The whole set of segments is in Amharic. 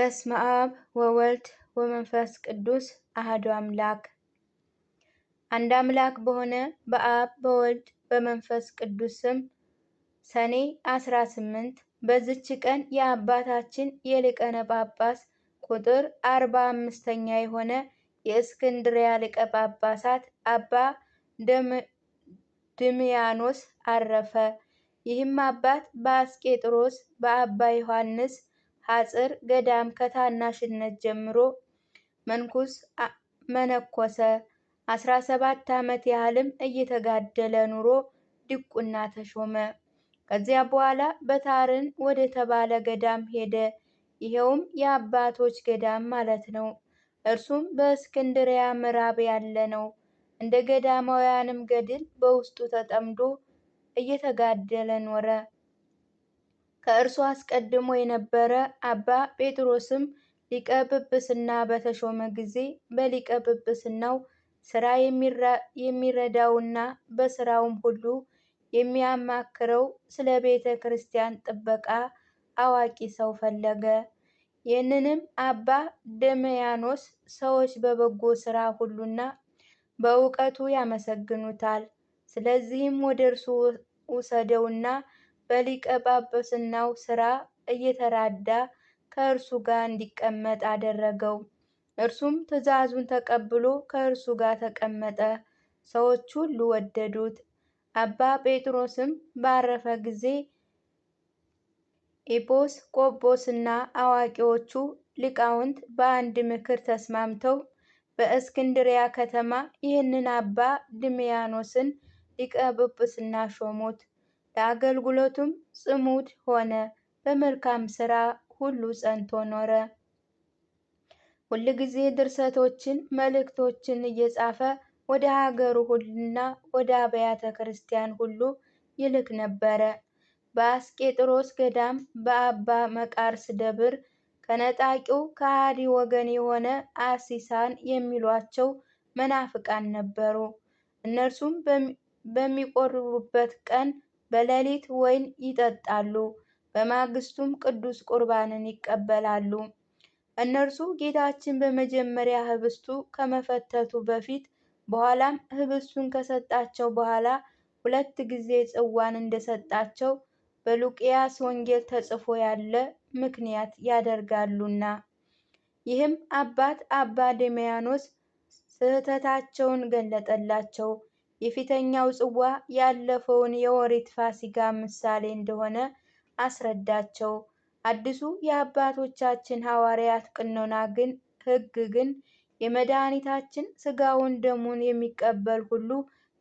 በስመ አብ ወወልድ ወመንፈስ ቅዱስ አህዶ አምላክ አንድ አምላክ በሆነ በአብ በወልድ በመንፈስ ቅዱስ ስም ሰኔ 18 በዝች ቀን የአባታችን የሊቀነ ጳጳስ ቁጥር አርባ አምስተኛ የሆነ የእስክንድሪያ ሊቀ ጳጳሳት አባ ድምያኖስ አረፈ። ይህም አባት በአስቄጥሮስ በአባ ዮሐንስ ሐፅር ገዳም ከታናሽነት ጀምሮ መንኩስ መነኮሰ። 17 ዓመት ያህልም እየተጋደለ ኑሮ ድቁና ተሾመ። ከዚያ በኋላ በታርን ወደ ተባለ ገዳም ሄደ። ይሄውም የአባቶች ገዳም ማለት ነው። እርሱም በእስክንድሪያ ምዕራብ ያለ ነው። እንደ ገዳማውያንም ገድል በውስጡ ተጠምዶ እየተጋደለ ኖረ። ከእርሱ አስቀድሞ የነበረ አባ ጴጥሮስም ሊቀ ጵጵስና በተሾመ ጊዜ በሊቀ ጵጵስናው ስራ የሚረዳውና በስራውም ሁሉ የሚያማክረው ስለ ቤተ ክርስቲያን ጥበቃ አዋቂ ሰው ፈለገ። ይህንንም አባ ደመያኖስ ሰዎች በበጎ ስራ ሁሉና በእውቀቱ ያመሰግኑታል። ስለዚህም ወደ እርሱ ውሰደውና በሊቀ ጳጳስናው ሥራ እየተራዳ ከእርሱ ጋር እንዲቀመጥ አደረገው። እርሱም ትእዛዙን ተቀብሎ ከእርሱ ጋር ተቀመጠ። ሰዎች ሁሉ ወደዱት። አባ ጴጥሮስም ባረፈ ጊዜ ኤጲስ ቆጶስና አዋቂዎቹ ሊቃውንት በአንድ ምክር ተስማምተው በእስክንድሪያ ከተማ ይህንን አባ ድሚያኖስን ሊቀ ጵጵስና ሾሙት። የአገልግሎቱም ጽሙድ ሆነ፣ በመልካም ስራ ሁሉ ጸንቶ ኖረ። ሁል ጊዜ ድርሰቶችን፣ መልእክቶችን እየጻፈ ወደ ሀገሩ ሁሉና ወደ አብያተ ክርስቲያን ሁሉ ይልክ ነበረ። በአስቄጥሮስ ገዳም በአባ መቃርስ ደብር ከነጣቂው ከሃዲ ወገን የሆነ አሲሳን የሚሏቸው መናፍቃን ነበሩ። እነርሱም በሚቆርቡበት ቀን በሌሊት ወይን ይጠጣሉ፣ በማግስቱም ቅዱስ ቁርባንን ይቀበላሉ። እነርሱ ጌታችን በመጀመሪያ ህብስቱ ከመፈተቱ በፊት በኋላም ህብስቱን ከሰጣቸው በኋላ ሁለት ጊዜ ጽዋን እንደሰጣቸው በሉቂያስ ወንጌል ተጽፎ ያለ ምክንያት ያደርጋሉና። ይህም አባት አባ ዴሜያኖስ ስህተታቸውን ገለጠላቸው። የፊተኛው ጽዋ ያለፈውን የወሪት ፋሲጋ ምሳሌ እንደሆነ አስረዳቸው። አዲሱ የአባቶቻችን ሐዋርያት ቅኖና ግን ሕግ ግን የመድኃኒታችን ሥጋውን ደሙን የሚቀበል ሁሉ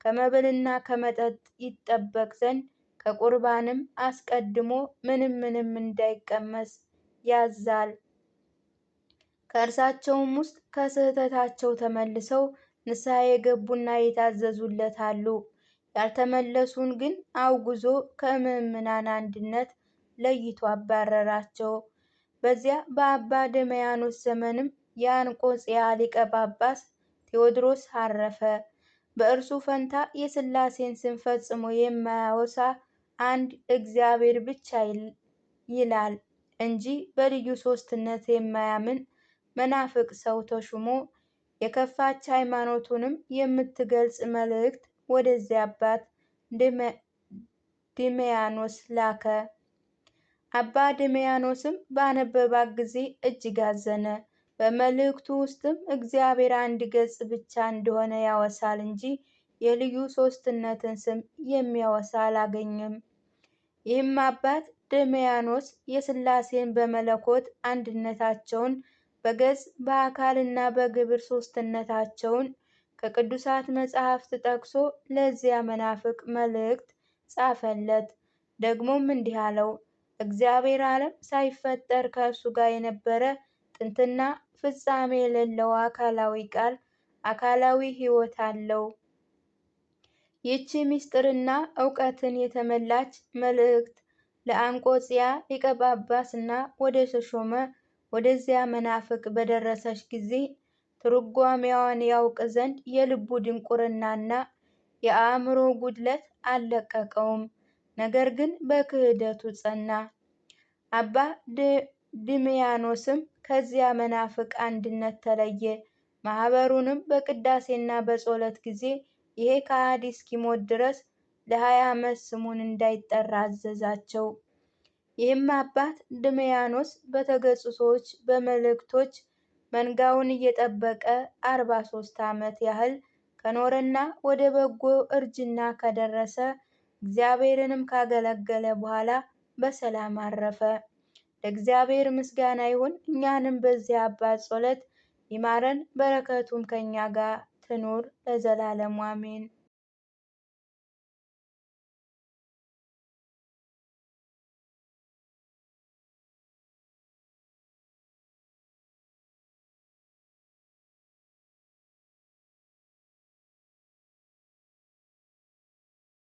ከመብልና ከመጠጥ ይጠበቅ ዘንድ ከቁርባንም አስቀድሞ ምንም ምንም እንዳይቀመስ ያዛል። ከእርሳቸውም ውስጥ ከስህተታቸው ተመልሰው ንስሐ የገቡና የታዘዙለት አሉ። ያልተመለሱን ግን አውግዞ ከምዕምናን አንድነት ለይቶ አባረራቸው። በዚያ በአባ ደመያኖስ ዘመንም የአንቆጽያ ሊቀ ጳጳስ ቴዎድሮስ አረፈ። በእርሱ ፈንታ የሥላሴን ስም ፈጽሞ የማያወሳ አንድ እግዚአብሔር ብቻ ይላል እንጂ በልዩ ሦስትነት የማያምን መናፍቅ ሰው ተሹሞ የከፋች ሃይማኖቱንም የምትገልጽ መልእክት ወደዚህ አባት ድሜያኖስ ላከ። አባ ድሜያኖስም ባነበባት ጊዜ እጅግ አዘነ። በመልእክቱ ውስጥም እግዚአብሔር አንድ ገጽ ብቻ እንደሆነ ያወሳል እንጂ የልዩ ሶስትነትን ስም የሚያወሳ አላገኘም። ይህም አባት ድሜያኖስ የስላሴን በመለኮት አንድነታቸውን በገጽ በአካልና በግብር ሶስትነታቸውን ከቅዱሳት መጽሐፍት ጠቅሶ ለዚያ መናፍቅ መልእክት ጻፈለት። ደግሞም እንዲህ አለው፣ እግዚአብሔር ዓለም ሳይፈጠር ከእርሱ ጋር የነበረ ጥንትና ፍጻሜ የሌለው አካላዊ ቃል አካላዊ ሕይወት አለው። ይህቺ ምስጢርና እውቀትን የተመላች መልእክት ለአንቆጽያ ሊቀ ጳጳስና ወደ ተሾመ ወደዚያ መናፍቅ በደረሰች ጊዜ ትርጓሜዋን ያውቅ ዘንድ የልቡ ድንቁርናና የአእምሮ ጉድለት አልለቀቀውም። ነገር ግን በክህደቱ ጸና። አባ ድምያኖስም ከዚያ መናፍቅ አንድነት ተለየ። ማህበሩንም በቅዳሴና በጸሎት ጊዜ ይሄ ከሃዲ እስኪሞት ድረስ ለሀያ ዓመት ስሙን እንዳይጠራ አዘዛቸው። ይህም አባት ድሜያኖስ ሰዎች በመልእክቶች መንጋውን እየጠበቀ አርባ ሶስት ዓመት ያህል ከኖረና ወደ በጎ እርጅና ከደረሰ እግዚአብሔርንም ካገለገለ በኋላ በሰላም አረፈ። ለእግዚአብሔር ምስጋና ይሁን። እኛንም በዚህ አባት ጸሎት ይማረን፣ በረከቱም ከእኛ ጋር ትኑር ለዘላለሙ አሜን።